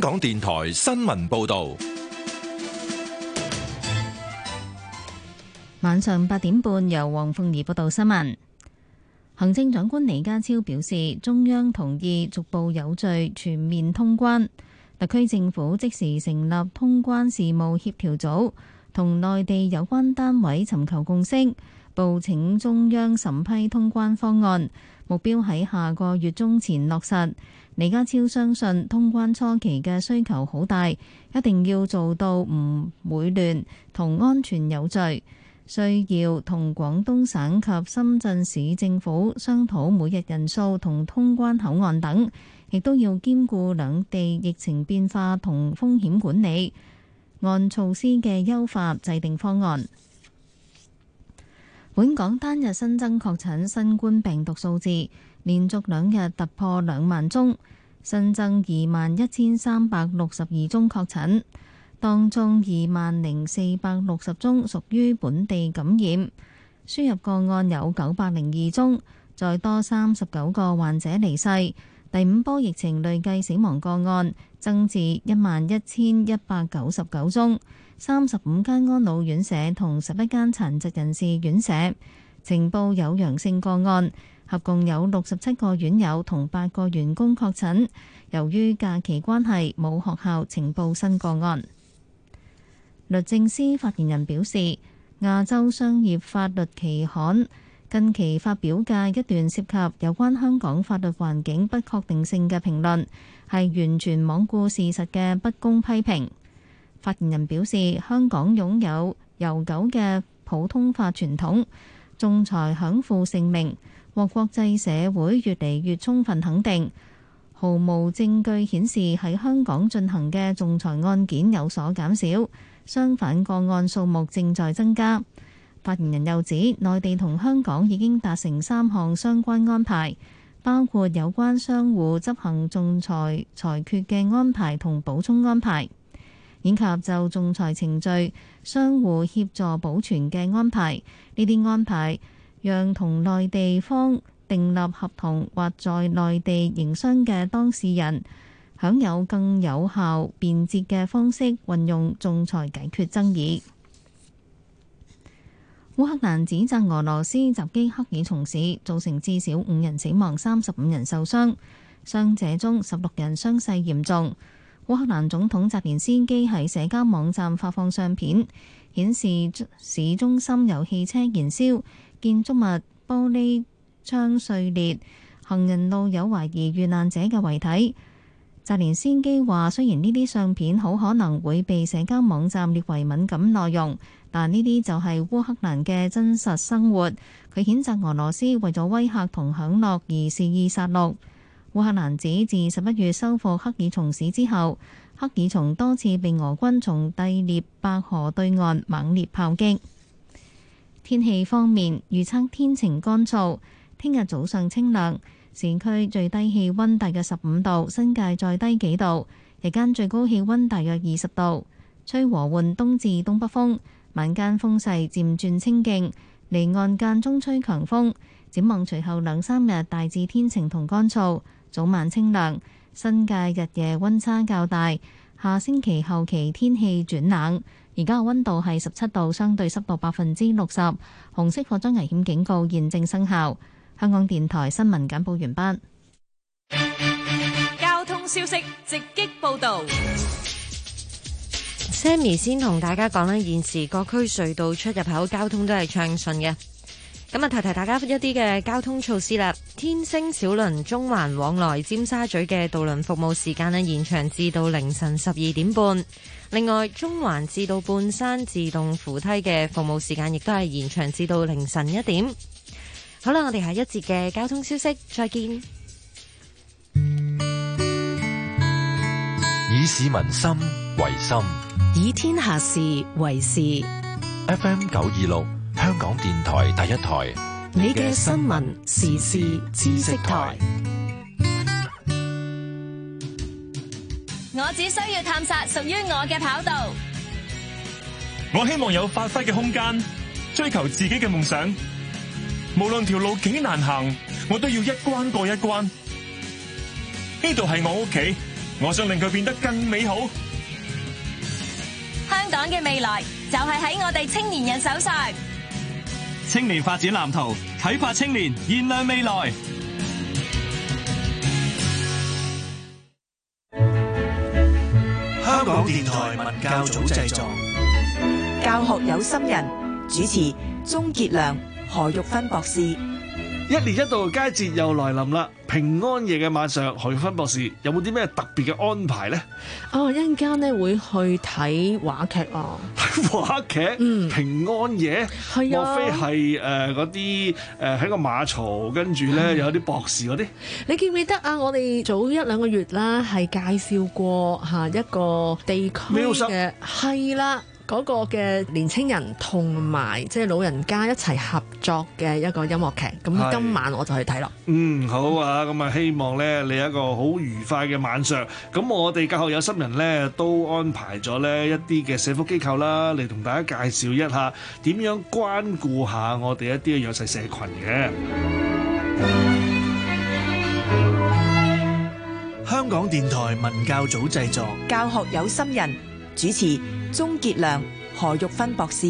香港電台新聞報道，晚上八點半由黃鳳儀報道新聞。行政長官李家超表示，中央同意逐步有序全面通關，特區政府即時成立通關事務協調組，同內地有關單位尋求共識。報請中央審批通關方案，目標喺下個月中前落實。李家超相信通關初期嘅需求好大，一定要做到唔會亂同安全有序。需要同廣東省及深圳市政府商討每日人數同通關口岸等，亦都要兼顧兩地疫情變化同風險管理，按措施嘅優化制定方案。本港單日新增確診新冠病毒數字連續兩日突破兩萬宗，新增二萬一千三百六十二宗確診，當中二萬零四百六十宗屬於本地感染，輸入個案有九百零二宗，再多三十九個患者離世。第五波疫情累計死亡個案增至一萬一千一百九十九宗。三十五間安老院舍同十一間殘疾人士院舍呈報有陽性個案，合共有六十七個院友同八個員工確診。由於假期關係，冇學校呈報新個案。律政司發言人表示，《亞洲商業法律期刊》近期發表嘅一段涉及有關香港法律環境不確定性嘅評論，係完全罔顧事實嘅不公批評。發言人表示，香港擁有悠久嘅普通法傳統，仲裁享負盛名，獲國際社會越嚟越充分肯定。毫無證據顯示喺香港進行嘅仲裁案件有所減少，相反個案數目正在增加。發言人又指，內地同香港已經達成三項相關安排，包括有關商戶執行仲裁裁決嘅安排同補充安排。以及就仲裁程序、相互協助保存嘅安排，呢啲安排讓同內地方訂立合同或在內地營商嘅當事人，享有更有效、便捷嘅方式運用仲裁解決爭議。烏克蘭指責俄羅斯襲擊克爾松市，造成至少五人死亡、三十五人受傷，傷者中十六人傷勢嚴重。烏克蘭總統澤連斯基喺社交網站發放相片，顯示市中心有汽車燃燒、建築物玻璃窗碎裂，行人路有懷疑遇難者嘅遺體。澤連斯基話：雖然呢啲相片好可能會被社交網站列為敏感內容，但呢啲就係烏克蘭嘅真實生活。佢譴責俄羅斯為咗威嚇同享樂而肆意殺戮。烏克蘭指自十一月收復克爾松市之後，克爾松多次被俄軍從第聶伯河對岸猛烈炮擊。天氣方面預測天晴乾燥，聽日早上清涼，市區最低氣温大約十五度，新界再低幾度，日間最高氣温大約二十度，吹和緩東至東北風，晚間風勢漸轉清勁，離岸間中吹強風。展望隨後兩三日大致天晴同乾燥。早晚清涼，新界日夜温差較大。下星期後期天氣轉冷，而家嘅温度係十七度，相對濕度百分之六十，紅色火災危險警告現正生效。香港電台新聞簡報完畢。交通消息直擊報道，Sammy 先同大家講咧，現時各區隧道出入口交通都係暢順嘅。咁啊，提提大家一啲嘅交通措施啦。天星小輪中環往來尖沙咀嘅渡輪服務時間咧，延長至到凌晨十二點半。另外，中環至到半山自動扶梯嘅服務時間亦都係延長至到凌晨一點。好啦，我哋下一節嘅交通消息，再見。以市民心為心，以天下事為事。F.M. 九二六。香港電台第一台，你嘅新聞時事知識台。我只需要探索屬於我嘅跑道。我希望有發揮嘅空間，追求自己嘅夢想。無論條路幾難行，我都要一關過一關。呢度係我屋企，我想令佢變得更美好。香港嘅未來就係喺我哋青年人手上。青年發展藍圖，啟發青年，燃亮未來。香港電台文教組製作，教學有心人，主持：鍾傑良、何玉芬博士。一年一度嘅佳節又來臨啦！平安夜嘅晚上，何玉芬博士有冇啲咩特別嘅安排咧？哦，一陣間咧會去睇話劇啊！ 話劇、嗯，平安夜，係啊，莫非係誒嗰啲，誒喺個馬槽跟住咧有啲博士嗰啲？你記唔記得啊？我哋早一兩個月啦，係介紹過下一個地區嘅係啦。嗰個嘅年青人同埋即係老人家一齊合作嘅一個音樂劇，咁今晚我就去睇咯。嗯，好啊，咁啊希望咧你一個好愉快嘅晚上。咁我哋教學有心人咧都安排咗咧一啲嘅社福機構啦，嚟同大家介紹一下點樣關顧下我哋一啲弱勢社群嘅。香港電台文教組製作，教學有心人主持，鍾杰良、何玉芬博士，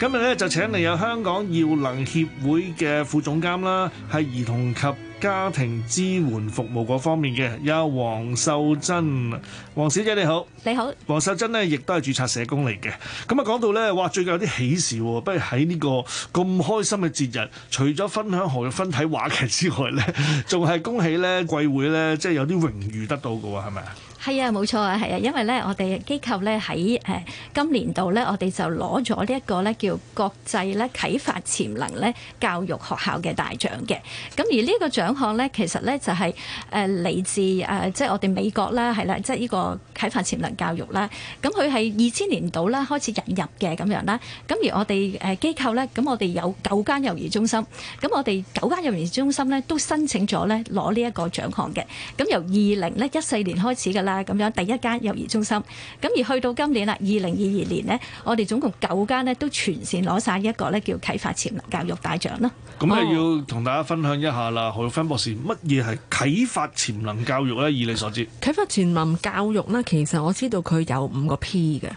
今日咧就請嚟有香港耀能協會嘅副總監啦，係兒童及家庭支援服務嗰方面嘅，有黃秀珍，黃小姐你好，你好，黃秀珍呢，亦都係註冊社工嚟嘅。咁啊講到咧，哇最近有啲喜事喎，不如喺呢個咁開心嘅節日，除咗分享何玉芬睇話劇之外咧，仲係恭喜咧，貴會咧即係有啲榮譽得到嘅喎，係咪啊？係啊，冇錯啊，係啊，因為咧，我哋機構咧喺今年度咧，我哋就攞咗呢一個咧叫國際咧啟發潛能咧教育學校嘅大獎嘅。咁而呢個獎項咧，其實咧就係誒嚟自誒即係我哋美國啦，係啦，即係呢個啟發潛能教育啦。咁佢係二千年度啦開始引入嘅咁樣啦。咁而我哋誒機構咧，咁我哋有九間幼兒中心，咁我哋九間幼兒中心咧都申請咗咧攞呢一個獎項嘅。咁由二零咧一四年開始㗎啦。咁樣第一間幼兒中心，咁而去到今年啦，二零二二年呢，我哋總共九間咧都全線攞晒一個呢叫啟發潛能教育大獎啦。咁、哦、啊要同大家分享一下啦，何玉芬博士，乜嘢係啟發潛能教育呢？以你所知，啟發潛能教育呢，其實我知道佢有五個 P 嘅，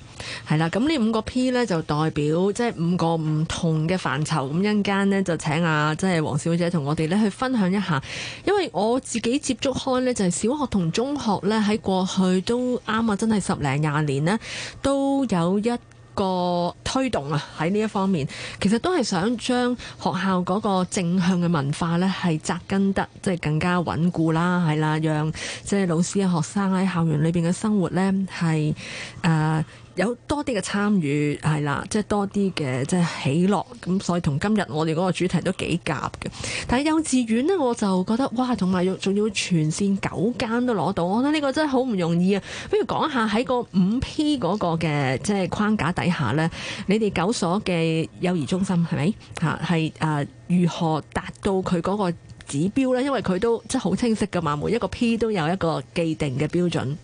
係啦。咁呢五個 P 呢，就代表即係、就是、五個唔同嘅範疇。咁一陣呢，就請啊即係黃小姐同我哋呢去分享一下，因為我自己接觸開呢，就係、是、小學同中學呢。喺過。佢都啱啊！真係十零廿年呢，都有一個推動啊，喺呢一方面，其實都係想將學校嗰個正向嘅文化呢，係紮根得即係更加穩固啦，係啦，讓即係老師啊、學生喺校園裏邊嘅生活呢，係、呃、誒。有多啲嘅參與係啦，即係多啲嘅即係喜樂咁，所以同今日我哋嗰個主題都幾夾嘅。但係幼稚園呢，我就覺得哇，同埋要仲要全線九間都攞到，我覺得呢個真係好唔容易啊！不如講下喺個五 P 嗰個嘅即係框架底下呢，你哋九所嘅幼兒中心係咪係誒如何達到佢嗰個指標呢？因為佢都即係好清晰㗎嘛，每一個 P 都有一個既定嘅標準。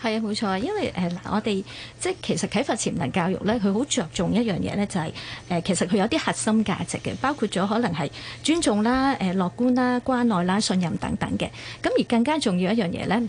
係啊，冇錯啊，因為誒嗱、呃，我哋即係其實啟發潛能教育咧，佢好着重一樣嘢咧，就係誒其實佢有啲核心價值嘅，包括咗可能係尊重啦、誒、呃、樂觀啦、關愛啦、信任等等嘅。咁而更加重要一樣嘢咧，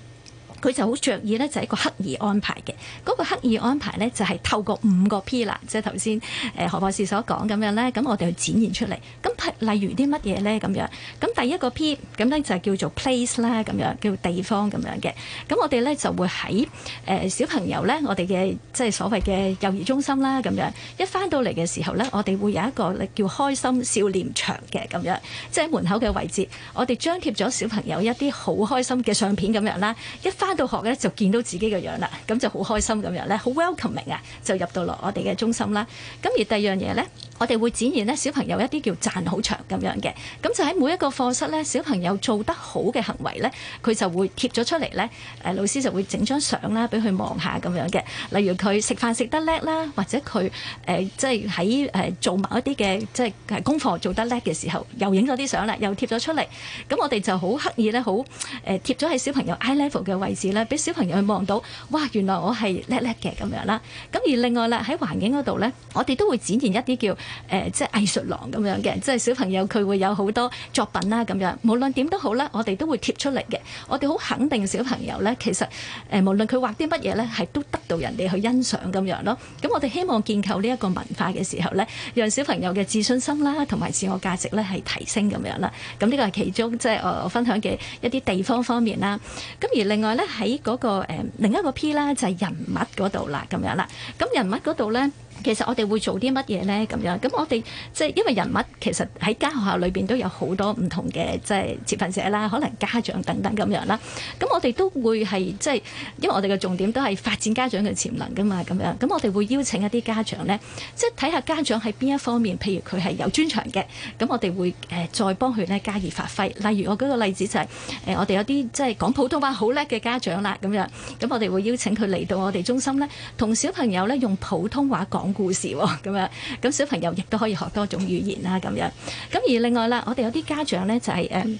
佢就好著意咧，就係一個刻意安排嘅。嗰個刻意安排咧，就係透過五個 P 啦，即係頭先誒何博士所講咁樣咧。咁我哋去展現出嚟。咁例如啲乜嘢咧咁樣？咁第一個 P 咁咧就叫做 place 啦，咁樣叫地方咁樣嘅。咁我哋咧就會喺、呃、小朋友咧，我哋嘅即係所謂嘅幼兒中心啦，咁樣一翻到嚟嘅時候咧，我哋會有一個叫開心少年場嘅咁樣即係喺門口嘅位置，我哋張貼咗小朋友一啲好開心嘅相片咁樣啦，一翻。翻到學咧就見到自己嘅樣啦，咁就好開心咁樣咧，好 welcoming 啊，就入到落我哋嘅中心啦。咁而第二樣嘢咧，我哋會展現咧小朋友一啲叫讚好牆咁樣嘅，咁就喺每一個課室咧，小朋友做得好嘅行為咧，佢就會貼咗出嚟咧。誒老師就會整張相啦，俾佢望下咁樣嘅。例如佢食飯食得叻啦，或者佢誒即係喺誒做某一啲嘅即係功課做得叻嘅時候，又影咗啲相啦，又貼咗出嚟。咁我哋就好刻意咧，好誒貼咗喺小朋友 eye level 嘅位置。咧，俾小朋友去望到，哇！原來我係叻叻嘅咁樣啦。咁而另外咧，喺環境嗰度呢，我哋都會展現一啲叫誒、呃，即係藝術廊咁樣嘅，即係小朋友佢會有好多作品啦咁樣。無論點都好啦，我哋都會貼出嚟嘅。我哋好肯定小朋友呢，其實誒、呃，無論佢畫啲乜嘢呢，係都得到人哋去欣賞咁樣咯。咁我哋希望建構呢一個文化嘅時候呢，讓小朋友嘅自信心啦，同埋自我價值呢係提升咁樣啦。咁呢個係其中即係、就是、我分享嘅一啲地方方面啦。咁而另外呢。喺嗰、那個誒、呃、另一個 P 咧，就係人物嗰度啦，咁樣啦，咁人物嗰度咧。其實我哋會做啲乜嘢呢？咁樣咁我哋即係因為人物其實喺間學校裏面都有好多唔同嘅即係持份者啦，可能家長等等咁樣啦。咁我哋都會係即係因為我哋嘅重點都係發展家長嘅潛能噶嘛，咁樣咁我哋會邀請一啲家長呢，即係睇下家長喺邊一方面，譬如佢係有專長嘅，咁我哋會再幫佢呢加以發揮。例如我舉個例子就係，誒，我哋有啲即係講普通話好叻嘅家長啦，咁樣咁我哋會邀請佢嚟到我哋中心呢，同小朋友呢，用普通話講故事喎咁樣，咁小朋友亦都可以學多種語言啦咁樣。咁而另外啦，我哋有啲家長咧就係、是、誒。嗯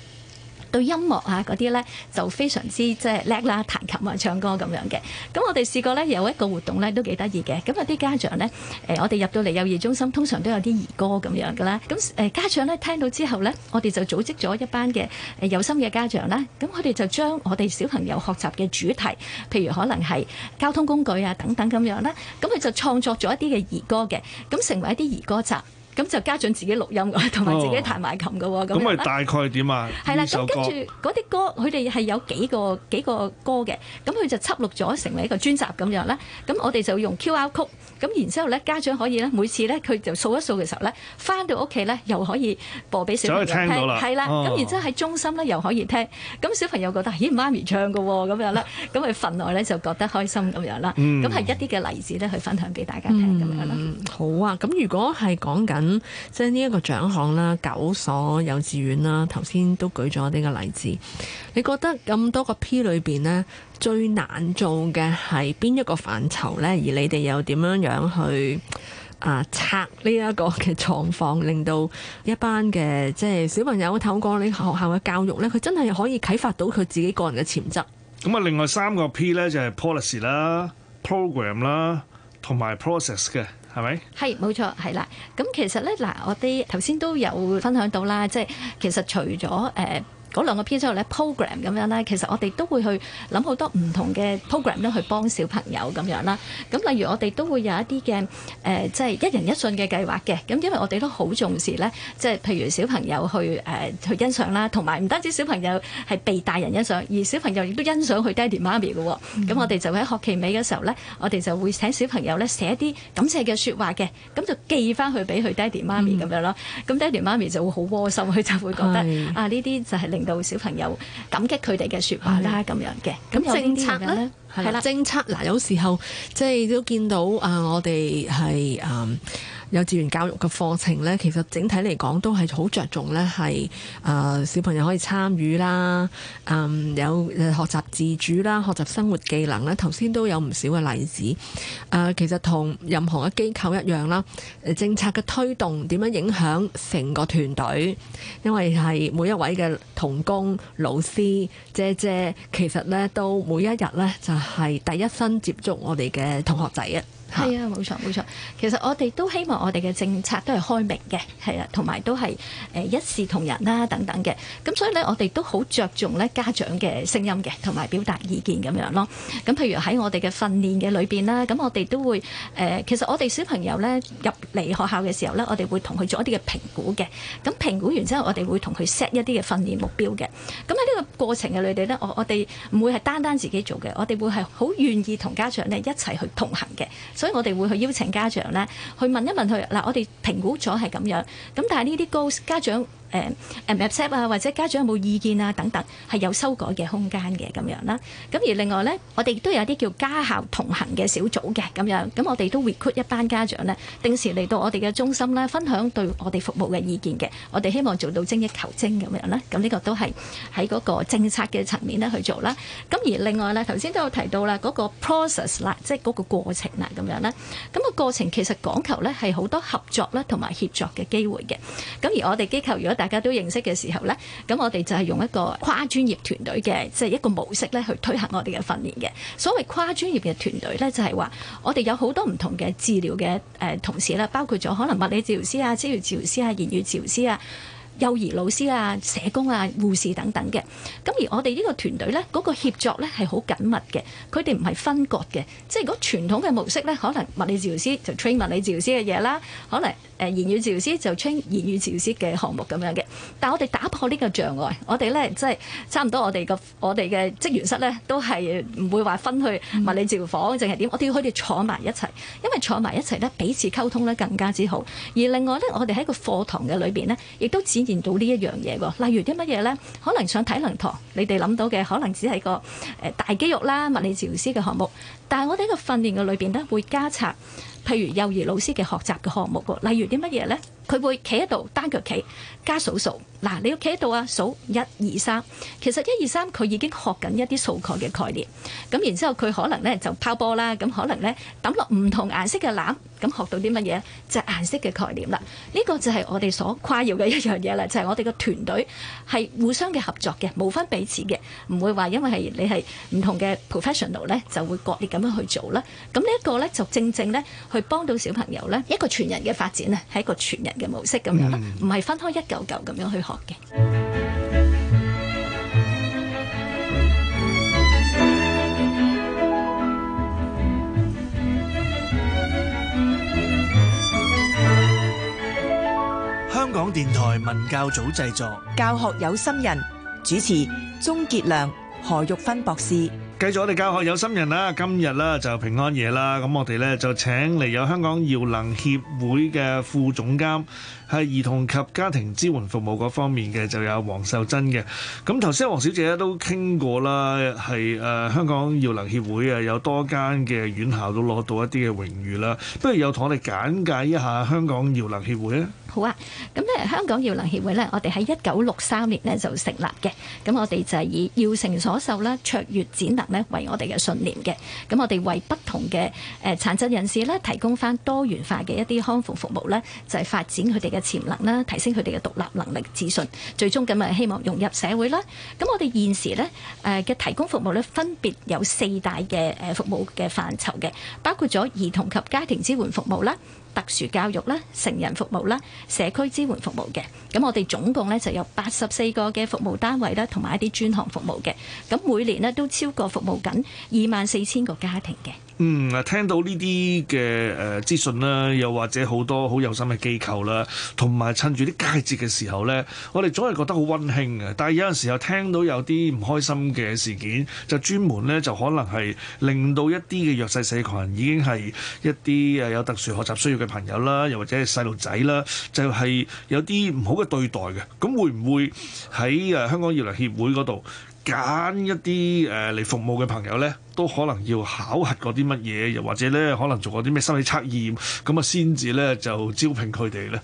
對音樂啊嗰啲咧就非常之即係叻啦，彈琴啊、唱歌咁樣嘅。咁我哋試過咧有一個活動咧都幾得意嘅。咁有啲家長咧我哋入到嚟幼兒中心通常都有啲兒歌咁樣㗎啦。咁家長咧聽到之後咧，我哋就組織咗一班嘅有心嘅家長啦。咁佢哋就將我哋小朋友學習嘅主題，譬如可能係交通工具啊等等咁樣啦。咁佢就創作咗一啲嘅兒歌嘅，咁成為一啲兒歌集。咁就家長自己錄音嘅，同埋自己彈埋琴嘅喎，咁咪大概點啊？係啦，咁跟住嗰啲歌，佢哋係有幾個幾個歌嘅，咁佢就輯錄咗成為一個專輯咁樣咧。咁我哋就用 QR Code，咁然之後咧家長可以咧每次咧佢就掃一掃嘅時候咧，返到屋企咧又可以播俾小朋友聽。係啦，咁然之後喺中心咧又可以聽，咁小朋友覺得咦，媽咪唱嘅喎，咁樣咧，咁佢份內咧就覺得開心咁樣啦。咁係一啲嘅例子咧去分享俾大家聽咁樣啦。好啊，咁如果係講緊。咁、嗯、即係呢一個獎項啦，九所幼稚園啦，頭先都舉咗呢個例子。你覺得咁多個 P 裏邊呢，最難做嘅係邊一個範疇呢？而你哋又點樣樣去啊拆呢一個嘅狀況，令到一班嘅即係小朋友透過你學校嘅教育呢，佢真係可以啟發到佢自己個人嘅潛質。咁啊，另外三個 P 呢，就係 policy 啦、program 啦同埋 process 嘅。係咪？係，冇錯，係啦。咁其實咧，嗱，我哋頭先都有分享到啦，即係其實除咗誒、呃嗰兩個編之後咧 program 咁樣啦，其實我哋都會去諗好多唔同嘅 program 咧去幫小朋友咁樣啦。咁例如我哋都會有一啲嘅即係一人一信嘅計劃嘅。咁因為我哋都好重視咧，即係譬如小朋友去、呃、去欣賞啦，同埋唔單止小朋友係被大人欣賞，而小朋友亦都欣賞佢 daddy mommy 嘅。咁我哋就喺學期尾嘅時候咧，我哋就會請小朋友咧寫一啲感謝嘅説話嘅，咁就寄翻去俾佢爹哋媽咪咁樣咯。咁爹哋媽咪就會好窩心，佢就會覺得啊呢啲就係、是令到小朋友感激佢哋嘅說話啦，咁樣嘅。咁政策咧，係啦，政策嗱、啊，有時候即係都見到啊、呃，我哋係。嗯、呃。幼稚園教育嘅課程呢，其實整體嚟講都係好着重呢係誒小朋友可以參與啦，嗯，有學習自主啦，學習生活技能啦。頭先都有唔少嘅例子。誒，其實同任何嘅機構一樣啦，政策嘅推動點樣影響成個團隊，因為係每一位嘅同工老師姐姐，其實呢都每一日呢就係第一身接觸我哋嘅同學仔啊！係啊，冇錯冇錯。其實我哋都希望我哋嘅政策都係開明嘅，係、呃、啊，同埋都係誒一視同仁啦等等嘅。咁所以咧，我哋都好着重咧家長嘅聲音嘅，同埋表達意見咁樣咯。咁譬如喺我哋嘅訓練嘅裏邊啦，咁我哋都會誒、呃，其實我哋小朋友咧入嚟學校嘅時候咧，我哋會同佢做一啲嘅評估嘅。咁評估完之後，我哋會同佢 set 一啲嘅訓練目標嘅。咁喺呢個過程嘅裏邊咧，我我哋唔會係單單自己做嘅，我哋會係好願意同家長咧一齊去同行嘅。所以我哋會去邀請家長咧，去問一問佢嗱，我哋評估咗係咁樣咁，但係呢啲高家長。誒誒 accept 啊，或者家長有冇意見啊等等，係有修改嘅空間嘅咁樣啦。咁而另外咧，我哋亦都有啲叫家校同行嘅小組嘅咁樣。咁我哋都 recruit 一班家長咧，定時嚟到我哋嘅中心咧，分享對我哋服務嘅意見嘅。我哋希望做到精益求精咁樣咧。咁呢個都係喺嗰個政策嘅層面咧去做啦。咁而另外咧，頭先都有提到啦，嗰個 process 啦，即係嗰個過程啦咁樣咧。咁個過程其實講求咧係好多合作咧同埋協作嘅機會嘅。咁而我哋機構如果大家都認識嘅時候呢，咁我哋就係用一個跨專業團隊嘅，即係一個模式呢去推行我哋嘅訓練嘅。所謂跨專業嘅團隊呢，就係話我哋有好多唔同嘅治療嘅誒同事啦，包括咗可能物理治療師啊、職業治療師啊、言語治療師啊、幼兒老師啊、社工啊、護士等等嘅。咁而我哋呢個團隊呢，嗰個協作呢係好緊密嘅，佢哋唔係分割嘅，即係如果傳統嘅模式呢，可能物理治療師就 train 物理治療師嘅嘢啦，可能。誒言語治療師就稱言語治療師嘅項目咁樣嘅，但係我哋打破呢個障礙，我哋咧即係差唔多我哋個我哋嘅職員室咧都係唔會話分去物理治療房淨係點，我哋要佢哋坐埋一齊，因為坐埋一齊咧彼此溝通咧更加之好。而另外咧，我哋喺個課堂嘅裏邊咧，亦都展現到呢一樣嘢喎。例如啲乜嘢咧，可能上體能堂，你哋諗到嘅可能只係個大肌肉啦、物理治療師嘅項目，但係我哋喺個訓練嘅裏邊咧會加插。譬如幼兒老師嘅學習嘅項目，例如啲乜嘢咧？佢會企喺度單腳企，加數數。嗱，你要企喺度啊，數一、二、三。其實一、二、三佢已經學緊一啲數學嘅概念。咁然之後佢可能咧就拋波啦，咁可能咧抌落唔同顏色嘅籃，咁學到啲乜嘢？就係顏色嘅概念啦。呢個就係我哋所誇耀嘅一樣嘢啦，就係我哋嘅團隊係互相嘅合作嘅，冇分彼此嘅，唔會話因為係你係唔同嘅 professional 咧就會割裂咁樣去做啦。咁呢一個咧就正正咧去幫到小朋友咧一個全人嘅發展啊，係一個全人。嘅模式咁樣，唔係分開一嚿嚿咁樣去學嘅。香港電台文教組製作，教學有心人主持，鍾傑良、何玉芬博士。繼續我哋教學有心人啦，今日啦就平安夜啦，咁我哋咧就請嚟有香港耀能協會嘅副總監。係兒童及家庭支援服務嗰方面嘅，就有黃秀珍嘅。咁頭先黃小姐都傾過啦，係誒、呃、香港耀能協會啊，有多間嘅院校都攞到一啲嘅榮譽啦。不如有同我哋簡介一下香港耀能協會啊。好啊，咁呢香港耀能協會呢，我哋喺一九六三年呢就成立嘅。咁我哋就係以耀成所受啦、卓越展能呢為我哋嘅信念嘅。咁我哋為不同嘅誒殘疾人士呢，提供返多元化嘅一啲康復服務呢，就係、是、發展佢哋嘅潛能啦，提升佢哋嘅獨立能力、自信，最終咁啊希望融入社會啦。咁我哋現時咧，誒嘅提供服務咧，分別有四大嘅誒服務嘅範疇嘅，包括咗兒童及家庭支援服務啦。特殊教育啦、成人服務啦、社區支援服務嘅，咁我哋總共咧就有八十四個嘅服務單位啦，同埋一啲專項服務嘅，咁每年咧都超過服務緊二萬四千個家庭嘅。嗯，啊聽到呢啲嘅誒資訊啦，又或者好多好有心嘅機構啦，同埋趁住啲佳節嘅時候咧，我哋總係覺得好溫馨嘅。但係有陣時候聽到有啲唔開心嘅事件，就專門咧就可能係令到一啲嘅弱勢社群已經係一啲誒有特殊學習需要。嘅朋友啦，又或者係細路仔啦，就係、是、有啲唔好嘅對待嘅，咁會唔會喺誒香港業餘協會香港耀能協會嗰度揀一啲誒嚟服務嘅朋友咧，都可能要考核過啲乜嘢，又或者咧可能做過啲咩心理測驗，咁啊先至咧就招聘佢哋咧？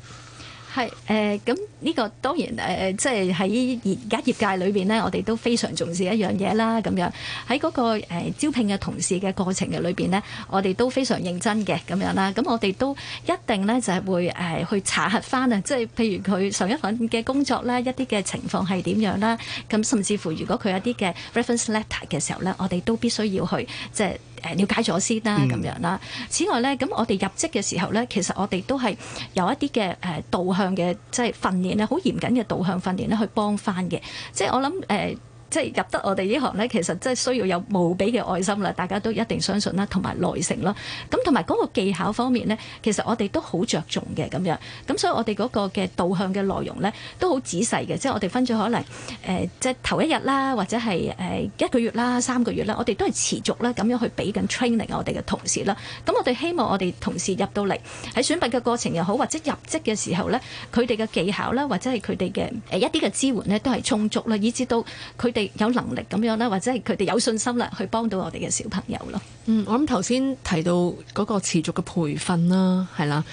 係誒咁呢個當然、呃、即係喺而家業界裏面咧，我哋都非常重視一樣嘢啦咁樣。喺嗰個、呃、招聘嘅同事嘅過程嘅裏面咧，我哋都非常認真嘅咁樣啦。咁我哋都一定咧就係會、呃、去查核返啊，即係譬如佢上一份嘅工作啦，一啲嘅情況係點樣啦。咁甚至乎如果佢有啲嘅 reference letter 嘅時候咧，我哋都必須要去即係。誒了解咗先啦，咁樣啦。此外咧，咁我哋入職嘅時候咧，其實我哋都係有一啲嘅誒導向嘅，即係訓練咧，好嚴謹嘅導向訓練咧，去幫返嘅。即係我諗誒。呃即係入得我哋呢行呢，其實即係需要有無比嘅愛心啦，大家都一定相信啦，同埋耐性啦，咁同埋嗰個技巧方面呢，其實我哋都好着重嘅，咁樣，咁所以我哋嗰個嘅導向嘅內容呢，都好仔細嘅。即係我哋分咗可能誒、呃、即係頭一日啦，或者係誒一個月啦、三個月啦，我哋都係持續咧咁樣去俾緊 training 我哋嘅同事啦。咁我哋希望我哋同事入到嚟喺選拔嘅過程又好，或者入職嘅時候呢，佢哋嘅技巧啦，或者係佢哋嘅誒一啲嘅支援呢都係充足啦，以至到佢。哋有能力咁樣咧，或者係佢哋有信心啦，去幫到我哋嘅小朋友咯。嗯，我諗頭先提到嗰個持續嘅培訓啦，係啦，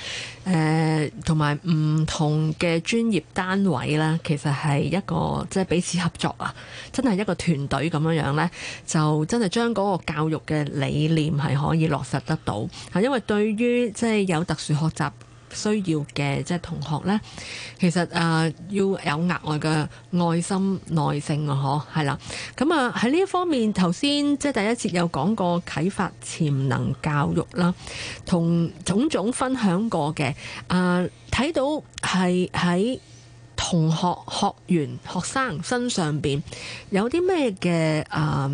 誒、呃、同埋唔同嘅專業單位咧，其實係一個即係、就是、彼此合作啊，真係一個團隊咁樣樣咧，就真係將嗰個教育嘅理念係可以落實得到嚇，因為對於即係、就是、有特殊學習。需要嘅即係同學咧，其實啊、呃、要有額外嘅愛心耐性啊！嗬，係啦，咁啊喺呢一方面，頭先即係第一節有講過啟發潛能教育啦，同種種分享過嘅啊，睇到，係喺同學、學員、學生身上邊有啲咩嘅啊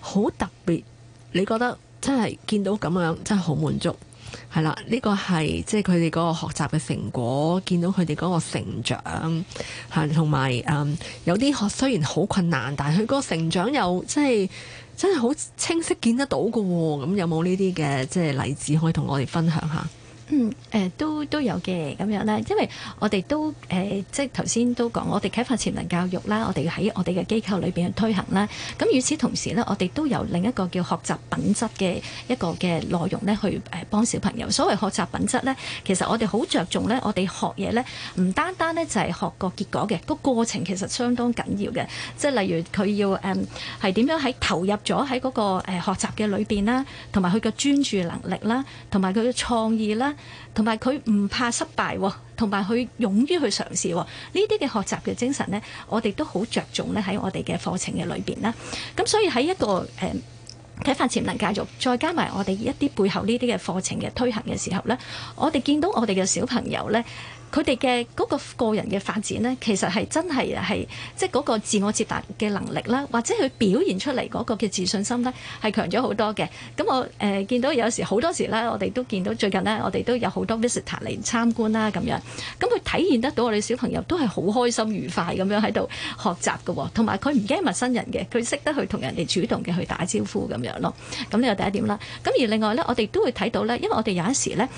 好特別，你覺得真係見到咁樣真係好滿足。係啦，呢個係即係佢哋嗰個學習嘅成果，見到佢哋嗰個成長，吓同埋嗯有啲學雖然好困難，但係佢嗰個成長又即係真係好清晰見得到噶，咁有冇呢啲嘅即係例子可以同我哋分享下？嗯，呃、都都有嘅咁樣啦。因為我哋都、呃、即係頭先都講，我哋啟發潛能教育啦，我哋喺我哋嘅機構裏面去推行啦。咁與此同時呢，我哋都有另一個叫學習品質嘅一個嘅內容呢，去誒幫小朋友。所謂學習品質呢，其實我哋好着重呢，我哋學嘢呢，唔單單呢就係學個結果嘅，個過程其實相當緊要嘅。即係例如佢要誒係點樣喺投入咗喺嗰個誒學習嘅裏面啦，同埋佢嘅專注能力啦，同埋佢嘅創意啦。同埋佢唔怕失敗，同埋佢勇於去嘗試，呢啲嘅學習嘅精神呢，我哋都好着重咧喺我哋嘅課程嘅裏面啦。咁所以喺一個嗯、啟發潛能教育，再加埋我哋一啲背後呢啲嘅課程嘅推行嘅時候呢，我哋見到我哋嘅小朋友呢。佢哋嘅嗰個個人嘅發展呢，其實係真係係即係嗰個自我接達嘅能力啦，或者佢表現出嚟嗰個嘅自信心呢，係強咗好多嘅。咁我誒、呃、見到有時好多時呢，我哋都見到最近呢，我哋都有好多 visitor 嚟參觀啦咁樣。咁佢體現得到我哋小朋友都係好開心愉快咁樣喺度學習㗎喎，同埋佢唔驚陌生人嘅，佢識得去同人哋主動嘅去打招呼咁樣咯。咁呢個第一點啦。咁而另外呢，我哋都會睇到呢，因為我哋有一時呢，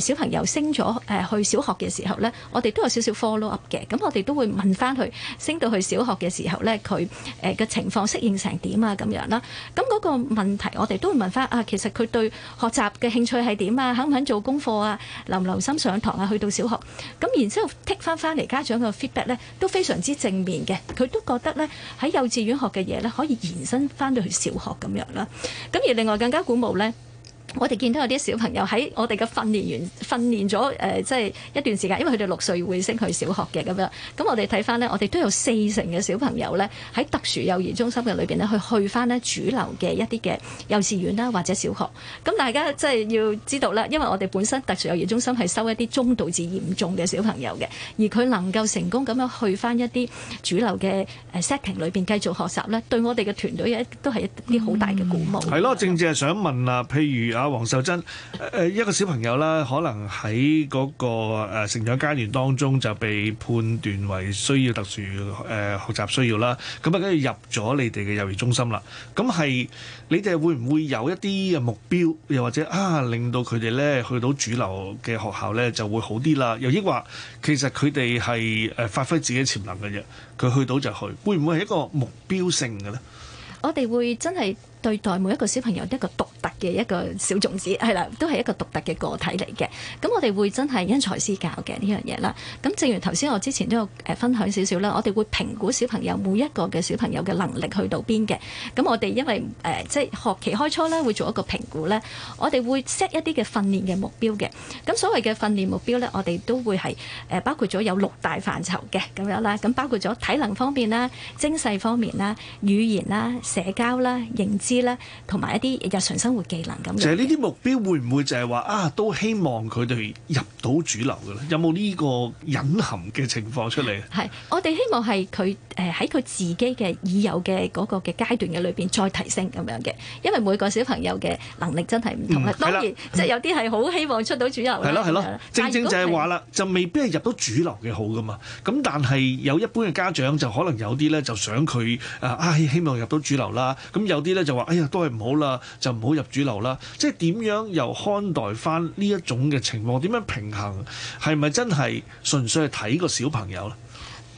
小朋友升咗去小學嘅時候咧，我哋都有少少 follow up 嘅，咁我哋都會問翻佢升到去小學嘅時候咧，佢誒嘅情況適應成點啊，咁樣啦。咁嗰個問題我哋都會問翻啊，其實佢對學習嘅興趣係點啊，肯唔肯做功課啊，留唔留心上堂啊，去到小學。咁然之後 take 翻翻嚟家長嘅 feedback 咧，都非常之正面嘅，佢都覺得咧喺幼稚園學嘅嘢咧，可以延伸翻到去小學咁樣啦。咁而另外更加鼓舞咧。我哋見到有啲小朋友喺我哋嘅訓練完訓練咗誒，即、呃、係、就是、一段時間，因為佢哋六歲會升去小學嘅咁樣。咁我哋睇翻呢我哋都有四成嘅小朋友呢，喺特殊幼兒中心嘅裏邊呢，去去翻呢主流嘅一啲嘅幼稚園啦，或者小學。咁大家即係要知道啦，因為我哋本身特殊幼兒中心係收一啲中度至嚴重嘅小朋友嘅，而佢能夠成功咁樣去翻一啲主流嘅 setting 裏邊繼續學習呢，對我哋嘅團隊都係一啲好大嘅鼓舞。係、嗯、咯、嗯，正正係想問啊，譬如啊，黃秀珍，誒一個小朋友啦，可能喺嗰個誒成長階段當中就被判斷為需要特殊誒、呃、學習需要啦，咁啊跟住入咗你哋嘅幼兒中心啦，咁係你哋會唔會有一啲嘅目標，又或者啊令到佢哋咧去到主流嘅學校咧就會好啲啦？又抑或其實佢哋係誒發揮自己潛能嘅啫，佢去到就去，會唔會係一個目標性嘅咧？我哋會真係。對待每一個小朋友一個獨特嘅一個小種子，係啦，都係一個獨特嘅個體嚟嘅。咁我哋會真係因材施教嘅呢樣嘢啦。咁正如頭先我之前都有誒分享少少啦，我哋會評估小朋友每一個嘅小朋友嘅能力去到邊嘅。咁我哋因為誒、呃、即係學期開初咧會做一個評估咧，我哋會 set 一啲嘅訓練嘅目標嘅。咁所謂嘅訓練目標咧，我哋都會係誒包括咗有六大範疇嘅咁樣啦。咁包括咗體能方面啦、精細方面啦、語言啦、社交啦、認知。啲咧，同埋一啲日常生活技能咁樣。其實呢啲目標會唔會就係話啊？都希望佢哋入到主流嘅咧，有冇呢個隱含嘅情況出嚟？係，我哋希望係佢喺佢自己嘅已有嘅嗰個嘅階段嘅裏面再提升咁樣嘅，因為每個小朋友嘅能力真係唔同嘅。當、嗯、然，即係、就是、有啲係好希望出到主流。係咯係咯，正正就係話啦，就未必係入到主流嘅好噶嘛。咁但係有一般嘅家長就可能有啲咧，就想佢啊，啊，希望入到主流啦。咁有啲咧就話哎呀，都係唔好啦，就唔好入主流啦。即係點樣又看待翻呢一種嘅情況？點樣平衡？係咪真係純粹係睇個小朋友咧？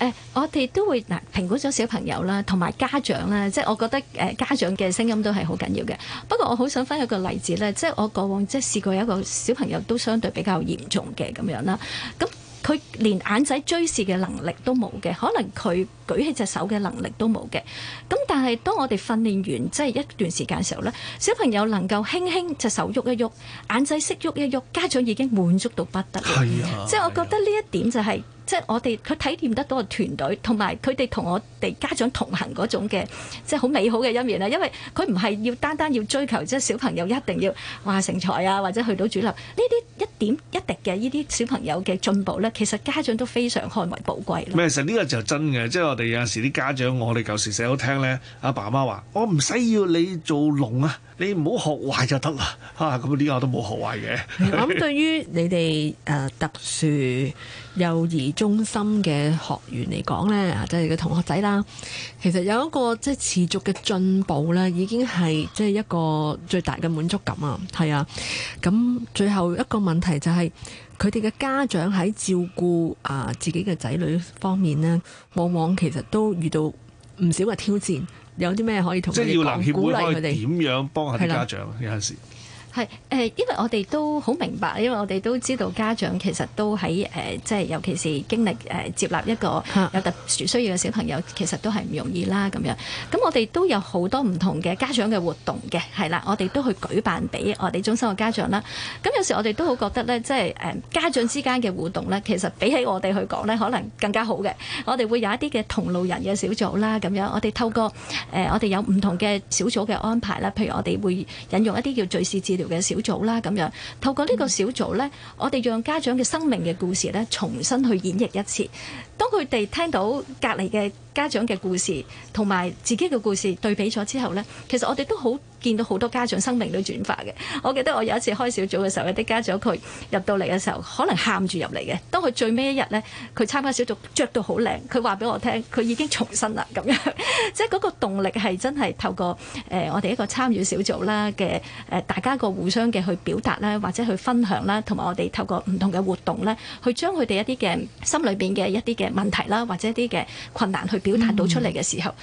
誒、欸，我哋都會嗱評估咗小朋友啦，同埋家長啦。即係我覺得誒，家長嘅聲音都係好緊要嘅。不過我好想分享一個例子咧，即、就、係、是、我過往即係試過有一個小朋友都相對比較嚴重嘅咁樣啦。咁佢連眼仔追視嘅能力都冇嘅，可能佢。舉起隻手嘅能力都冇嘅，咁但係當我哋訓練完即係一段時間嘅時候呢，小朋友能夠輕輕隻手喐一喐，眼仔識喐一喐，家長已經滿足到不得了。係啊，即係我覺得呢一點就係即係我哋佢體驗得到個團隊，同埋佢哋同我哋家長同行嗰種嘅即係好美好嘅一面啦。因為佢唔係要單單要追求即係小朋友一定要話成才啊，或者去到主流呢啲一點一滴嘅呢啲小朋友嘅進步呢，其實家長都非常看為寶貴。其實呢個就真嘅，即係。我哋有陣時啲家長，我哋舊時寫好聽咧，阿爸媽話：我唔使要你做龍啊，你唔好學壞就得啦。嚇、啊，咁呢個都冇學壞嘅。咁 諗、嗯、對於你哋誒、呃、特殊幼兒中心嘅學員嚟講咧，即係嘅同學仔啦，其實有一個即係、就是、持續嘅進步咧，已經係即係一個最大嘅滿足感啊。係啊，咁最後一個問題就係、是。佢哋嘅家長喺照顧啊自己嘅仔女方面呢，往往其實都遇到唔少嘅挑戰。有啲咩可以同即係耀能協會鼓勵佢哋點樣幫下啲家長？有陣時。係因為我哋都好明白，因為我哋都知道家長其實都喺即係尤其是經歷、呃、接納一個有特殊需要嘅小朋友，其實都係唔容易啦咁樣。咁我哋都有好多唔同嘅家長嘅活動嘅，係啦，我哋都去舉辦俾我哋中心嘅家長啦。咁有時我哋都好覺得咧，即係家長之間嘅互動咧，其實比起我哋去講咧，可能更加好嘅。我哋會有一啲嘅同路人嘅小組啦，咁樣我哋透過、呃、我哋有唔同嘅小組嘅安排啦，譬如我哋會引用一啲叫敘事治療嘅小組啦，咁樣透過呢個小組咧，我哋讓家長嘅生命嘅故事咧，重新去演繹一次。當佢哋聽到隔離嘅家長嘅故事同埋自己嘅故事對比咗之後咧，其實我哋都好。見到好多家長生命都轉化嘅，我記得我有一次開小組嘅時候，有啲家長佢入到嚟嘅時候，可能喊住入嚟嘅。當佢最尾一日呢，佢參加小組着到好靚，佢話俾我聽，佢已經重生啦咁樣。即係嗰個動力係真係透過誒、呃、我哋一個參與小組啦嘅誒，大家個互相嘅去表達啦，或者去分享啦，同埋我哋透過唔同嘅活動呢，去將佢哋一啲嘅心裏邊嘅一啲嘅問題啦，或者一啲嘅困難去表達到出嚟嘅時候，咁、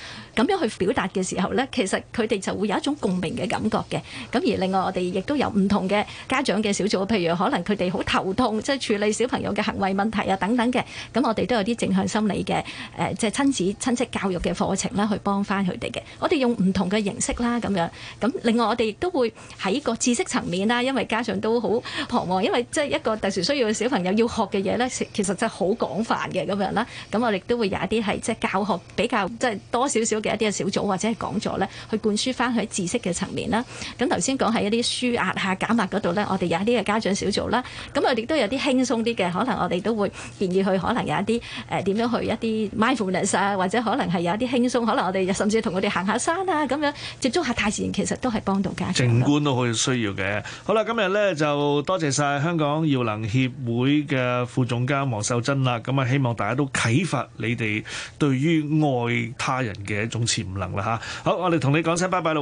嗯、樣去表達嘅時候呢，其實佢哋就會有一種共鳴。嘅感覺嘅，咁而另外我哋亦都有唔同嘅家長嘅小組，譬如可能佢哋好頭痛，即係處理小朋友嘅行為問題啊等等嘅，咁我哋都有啲正向心理嘅誒，即係親子親戚教育嘅課程啦，去幫翻佢哋嘅。我哋用唔同嘅形式啦，咁樣咁。另外我哋亦都會喺個知識層面啦，因為家長都好彷徨，因為即係一個特殊需要嘅小朋友要學嘅嘢呢，其實真係好廣泛嘅咁樣啦。咁我亦都會有一啲係即係教學比較即係多少少嘅一啲嘅小組或者係講座呢，去灌輸翻佢知識嘅，層面啦，咁頭先講係一啲舒壓下減壓嗰度咧，我哋有一啲嘅家長小組啦，咁我亦都有啲輕鬆啲嘅，可能我哋都會建議佢，可能有一啲誒點樣去一啲 mindfulness 啊，或者可能係有一啲輕鬆，可能我哋甚至同佢哋行下山啊，咁樣接觸下大自然，其實都係幫到家長，靜觀都可以需要嘅。好啦，今日咧就多謝晒香港耀能協會嘅副總監黃秀珍啦，咁啊，希望大家都啟發你哋對於愛他人嘅一種潛能啦吓。好，我哋同你講聲拜拜啦。